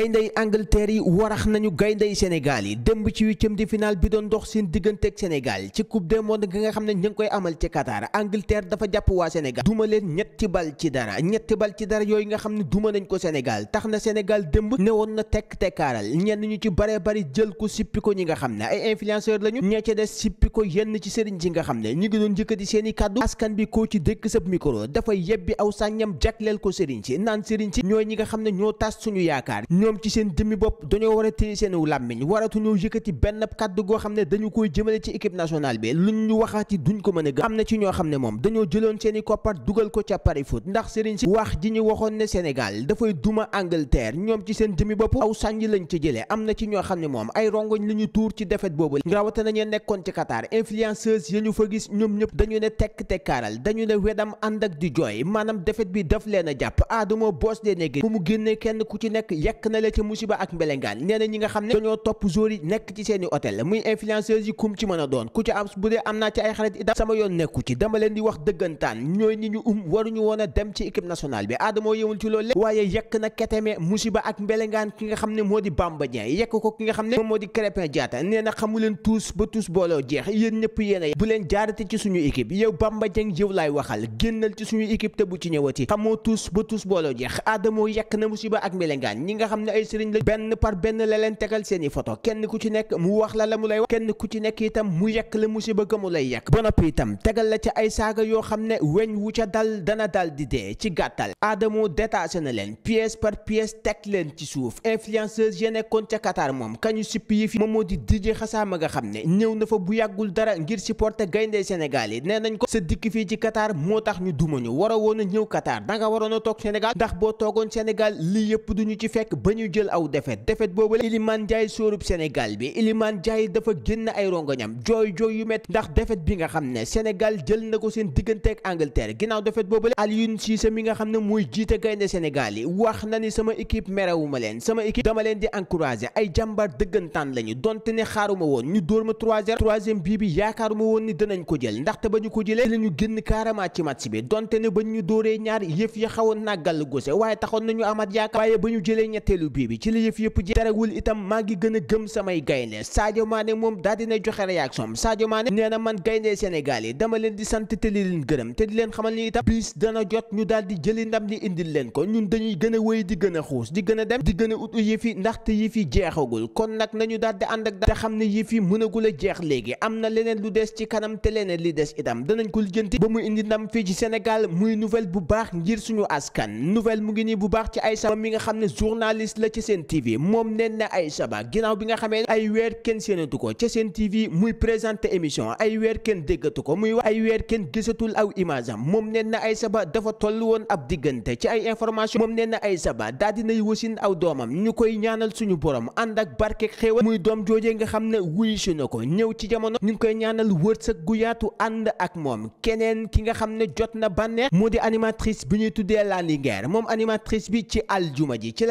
gayndey Angleterre yi warax nañu gayndey Sénégal yi démb ci huitième de finale bi doon dox seen diggante ak Sénégal ci coupe du monde gi nga xam ne ñu ngi koy amal ci Qatar dafa jàpp waa Sénégal duma leen ñetti bal ci dara ñetti bal ci dara yooyu nga xam ne duma nañ ko Sénégal tax na Sénégal démb ne woon na tekk tekkaaral ñenn ñu ci bare bari jël ko sippi ko ñi nga xam ne ay influenceur lañu ñee ca des sippi ko yenn ci sëriñ si nga xam ne ñu ngi doon njëkkati seeni kàddu askan bi koo ci dékk sab micro dafa yebbi aw sàññam jagleel ko sëriñ si naan sëriñ si ñooy ñi nga xam ne ñoo tas suñu yaakaar ñoom ci seen jëmmi bopp dañoo war a téye seenu làmmiñ waratuñoo yëkkati benn kàddu goo xam ne dañu koy jëmale ci équipe nationale bi luñ ñu waxaati duñ ko mën a gëm am na ci ñoo ndax Serigne si wax ji ñu waxoon ne Sénégal dafay duma Angleterre ñoom ci seen jëmmi bopp aw sànni lañ ci jëlee am na ci ñoo xam ne moom ay rongoñ li ñu tuur ci défaite boobu rawata nañu nekkoon ci Qatar influenceuse yi ñu fa gis ñoom ñëpp dañu ne tekk tekkaaral dañu ne wedam ànd ak di jooy maanaam défaite bi daf leen a jàpp aadamo boos dee negi bu mu génnee kenn ku ci nekk yekk na la ca musiba a doon um, a dem ci tuus ba tuus booloo jeex yéen ñëpp yéen a bu ci suñu équipe yow Bamba Dieng yow laay waxal génnal ci suñu équipe te ci ñëwati xamoo tuus ba tuus booloo jeex aadamoo yekk na musiba ak mbelengaan xam ne ay sëriñ la kenn ku ci nekk mu wax la la mu lay wax kenn ku ci nekk itam mu yekk la musiba ga mu lay yekk ba noppi itam tegal la ay saaga yoo xam ne weñ wu ca dal dana dal di dee ci gàttal aadamoo détaché na leen pièce par pièce teg leen ci suuf influenceuse ya nekkoon ca Qatar moom kañu sipp yi fi moom moo di DJ Xassama nga xam ne ñëw na fa bu yàggul dara ngir supporter gaynde Sénégal yi nee nañ ko sa dikk fii ci Qatar moo tax ñu duma ñu war a woon a ñëw Qatar danga waroon a toog Sénégal ndax boo toogoon Sénégal lii yëpp duñu ci fekk ba ñu jël aw defet defet boobu la Iliman Ndiaye sóorub Sénégal bi Iliman Ndiaye dafa génn ay rongoñam jooy jooy yu metti ndax defet bi nga xam ne Sénégal jël na ko seen diggante ak Angleterre ginnaaw defet boobu la Aliou Cissé mi nga xam ne muy jiite gaynde Sénégal yi wax na ni sama équipe merewuma leen sama équipe dama leen di encourager ay jàmbaar dëggantaan lañu donte ne xaaruma woon ñu dóor ma 3-0 troisième bii bi yaakaaruma woon ni dinañ ko jël ndaxte ba ko jëlee la ñu génn carrément ci match bi donte ne ba ñu dóoree ñaar yëf ya xawoon naa gàll gose ñetteelu bii bi ci la yëf yëpp ji terewul itam maa ngi gën gëm samay gaynde Sadio moom daal dinay joxe réaction am nee na man gaynde Sénégal yi dama leen di sant te li leen gërëm te di leen xamal ni itam bis dana jot ñu daal di jëli ndam li indil leen ko ñun dañuy gën a wéy di gën a xuus di gën a dem di gën a ut yëf yi ndaxte yëf yi jeexagul kon nag nañu daal di ànd ak da xam ne yëf yi mënagul a jeex léegi am na leneen lu des ci kanam te leneen li des itam danañ ko lijjanti ba mu indi ndam fii ci Sénégal muy nouvelle mu ngi nii bu baax ci ay sama mi journaliste la ci seen TV moom neen na Aïcha Ba bi nga xamee ay weer kenn séenatu ko ca seen TV muy présenté émission ay weer kenn déggatu ko muy wax ay weer kenn gisatul aw image am moom neen na Aïcha Ba dafa toll woon ab diggante ci ay information moom neen na Aïcha Ba daa dinay wasin aw doomam ñu koy ñaanal suñu borom ànd ak barke xéewal muy doom joojee nga xam ne wuyu si na ko ñëw ci jamono ñu ngi koy ñaanal wërsëg gu yaatu ànd ak moom keneen ki nga xam ne jot na bànneex moo animatrice bi ñuy tuddee Lani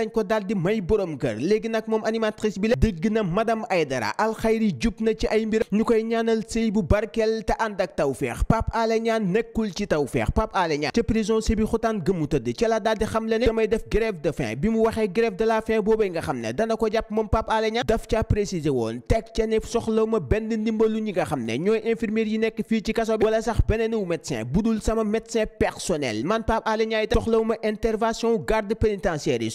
Nguer di may borom kër léegi nag moom animatrice bi la dégg na madame Aydara alxayri jub na ci ay mbir ñu koy ñaanal sëy bu barkeel te ànd ak tawfeex Pape Alé Niang nekkul ci tawfeex Pape Alé Niang ca prison si bi xutaan gëmu tëdd ci la daal xam le ne damay def grève de faim bi mu waxee grève de la faim boobee nga xam ne dana ko jàpp moom Pape Alé Niang daf ca préciser woon teg ca ne soxlaw ma benn ndimbalu ñi nga xam ne ñooy infirmière yi nekk fii ci kaso wala sax beneen wu médecin bu dul sama médecin personnel man Pape Alé Niang soxlaw ma intervention garde pénitentiaire yi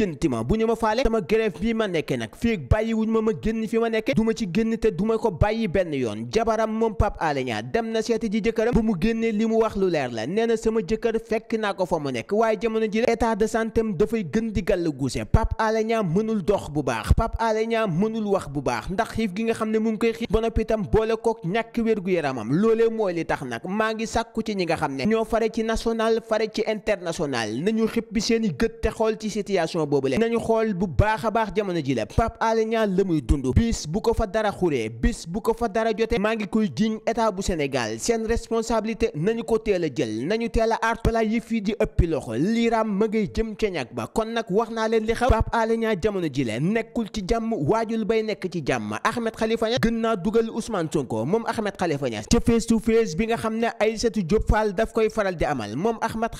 lijjanti ma bu ñu ma faale sama grève bi ma nekke nag fii bàyyi wuñu ma ma génn fi ma nekke duma ci génn te du ma ko bàyyi benn yoon jabaram moom Pape Alé Niang dem na seeti ji jëkkëram bu mu génnee li mu wax lu leer la nee na sama jëkkër fekk naa ko fa mu nekk waaye jamono ji état de santé am dafay gën di gàll guuse Pape Alé mënul dox bu baax Pape Alé Niang mënul wax bu baax ndax xiif gi nga xam ne mu ngi koy xiif ba noppi itam boole kook ñàkk wér-gu-yaramam loole mooy li tax nag maa ngi sàkku ci ñi nga xam ne ñoo fare ci national fare ci international nañu xib bi seeni gët te xool ci situation situation boobu le nañu xool bu baax a baax jamono ji la Pape Alé Niang la muy dund bis bu ko fa dara xuree bis bu ko fa dara jotee maa ngi koy jiñ état bu Sénégal seen responsabilité nañu ko teel a jël nañu teel a aar balaa yëf di ëppi loxo liiraam ma ngay jëm ca ba kon nag wax naa leen li xew Pape Alé Niang jamono ji la nekkul ci jàmm waajul bay nekk ci jàmm Ahmed Khalifa Niass gën naa dugal Ousmane Sonko moom Ahmed Khalifa Niass ca face to face bi nga xam ne Aïssatou Diop Fall daf koy faral di amal moom Ahmed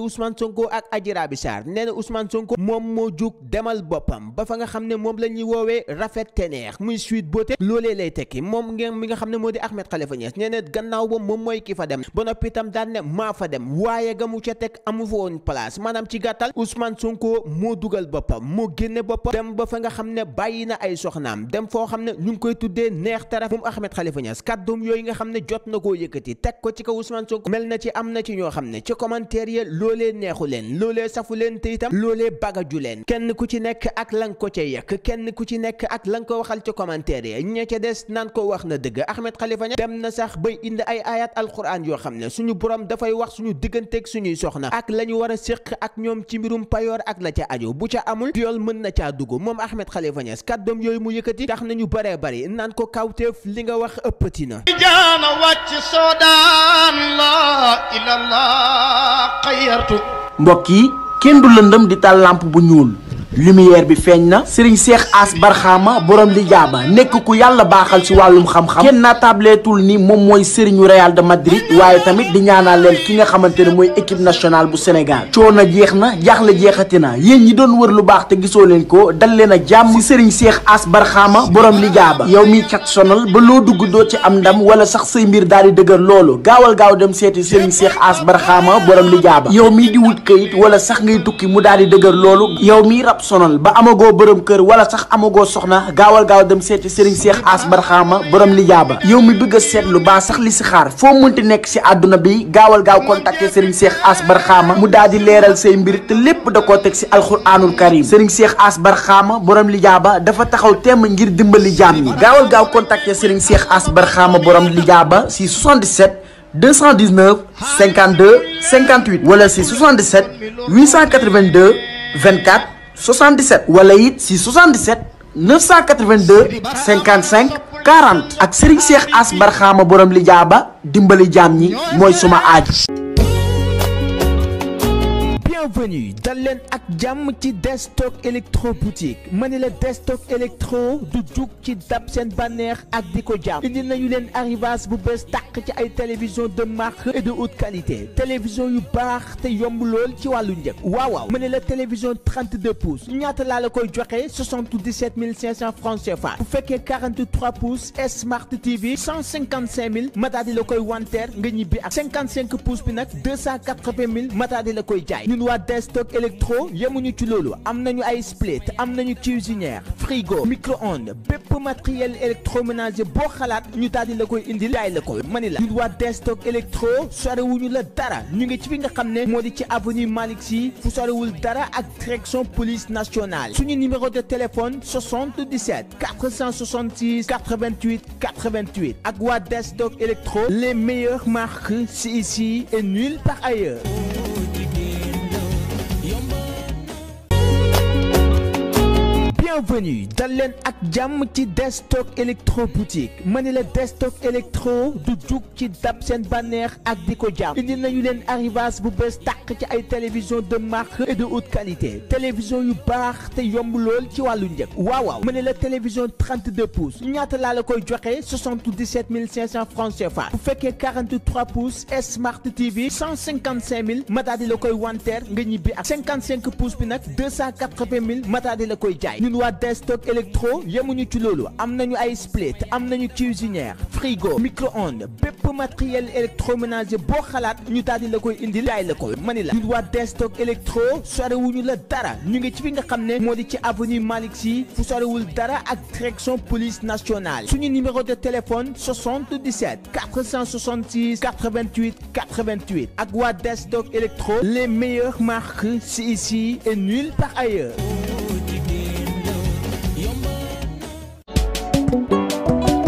Ousmane Sonko ak Adji Raby Sarr nee na Ousmane Sonko moom moo jug demal boppam ba fa nga xam ne moom la ñuy woowee rafet te neex muy suite beauté loolee lay tekki moom mi nga xam ne moo di Ahmed Khalifa Niass nee na gannaaw ba moom mooy ki fa dem ba noppi itam daan ne maa fa dem waaye ga mu ca teg amu fa woon place maanaam ci gàttal Ousmane Sonko moo dugal boppam moo génne boppam dem ba fa nga xam ne bàyyi na ay soxnaam dem foo xam ne ñu ngi koy tuddee neex taraf moom Ahmed Khalifa Niass kàddoom yooyu nga xam ne jot na koo yëkkati ne ci loolee neexu leen loolee safu leen te itam loolee bagaju leen kenn ku ci nekk ak lan ko ca yekk kenn ku ci nekk ak lan ko waxal ca commentaire ña ca des naan ko wax na dëgg Ahmed Khalifa ña dem na sax bay indi ay ayat alquran yoo xam ne suñu borom dafay wax suñu digganteeg suñuy soxna ak la ñu war a séq ak ñoom ci mbirum payoor ak la ca aju bu ca amul yool mën na caa dugg moom Ahmed Khalifa Niass kàddoom yooyu mu yëkkati tax nañu bëree bëri naan ko kawteef li nga wax ëppati na jaana wàcc mbokk yi kenn du lëndëm di taal làmp bu ñuul lumière bi feeñ na sëriñ seex as barxaama borom li jaaba nekk ku yàlla baaxal ci wàllum xam-xam kenn naa tableetul ni moom mooy sëriñu Real de Madrid waaye tamit di ñaanal leen ki nga xamante ne mooy équipe nationale bu Sénégal coono jeex na jaaxle jeexati na yéen ñi doon wër lu baax te gisoo leen ko dal leen a jàmm ci sëriñ seex as barxaama borom li jaaba yow mi cat sonal ba loo dugg doo ci am ndam wala sax say mbir daal di dëgër loolu gaawal gaaw dem seeti sëriñ seex as barxaama borom li jaaba yow mii di wut wala sax ngay tukki mu daal di dëgër loolu yow mi ab ba amagoo borom kër wala sax amagoo soxna gaawal gaaw dem seeti Serigne Cheikh Ass Barxaama borom li ba yow mi bëgg a seetlu baa sax li si xaar foo mënti nekk si àdduna bi gaawal gaaw contacter Serigne Cheikh Ass Barxaama mu daal di leeral say mbir te lépp koo teg si alxuraanul karim Serigne Cheikh Ass Barxaama borom li jaaba dafa taxaw temm ngir dimbali jaam ñi gaawal gaaw contacter Serigne Cheikh Ass Barxaama borom ba jaaba si 77 219 52 58 wala si 77 882 24 77 wala it si 77 982 55 40 ak Serigne Cheikh As Barxaama borom li jaaba dimbali jaam yi mooy suma aaj. bienvenue dal leen ak jàmm ci destock électro boutique ma ni la destock électro du jug ci dab seen bànneex ak di ko jàmm indi nañu leen arrivage bu bees tàq ci ay télévision de marque et de haute qualité télévision yu baax te yomb lool ci wàllu njëg waaw waaw ma ni la télévision 32 pouces ñaata laa la koy joxe 77 500 francs CFA bu fekkee 43 pouces smart TV 155 000 ma daal di la koy wanteer nga ñibbi ak 55 pouces bi nag 280 000 ma di la koy jaay ñun waa Destock Electro yemuñu ci loolu am na ñu ay split am nañu cuisinière frigo micro-ondes bépp matériel électroménager boo xalaat ñu daal la koy indil jaay la ko mani la ñun waa Destock Electro sorewuñu la dara ñu ngi ci fi nga xam ne moo di ci avenue Malick Sy fu sorewul dara ak direction police nationale suñu numéro de téléphone 77 466 88 88 ak waa Destock Electro les meilleures marques c'est ici et nulle part ailleurs bienvenue dal leen ak jàmm ci destock électro boutique ma la destock électro du jug ci dab seen bànneex ak di ko jàmm indi nañu leen arrivage bu bees tàq ci ay télévision de marque et de haute qualité télévision yu baax te yomb lool ci wàllu njëg waaw waaw ma ni la télévision 32 pouces ñaata laa la koy joxe 77 500 francs CFA bu fekkee 43 pouces smart TV 155 000 ma daal di la koy wanteer nga ñibbi ak 55 bi nag 280 di la koy jaay waa Destock électro yemuñu ci loolu am na ñu ay split am na ñu nañu cuisinière frigo micro-ondes bépp matériel électroménager boo xalaat ñu daal di la koy indil jaay la ko mani la ñun waa Destock wu ñu la dara ñu ngi ci fi nga xam ne moo di ci avenue Malick Sy fu sorewul dara ak direction police nationale suñu numéro de téléphone 77 466 88 88 ak waa Destock électro les meilleures marques c'est ici et nulle part ailleurs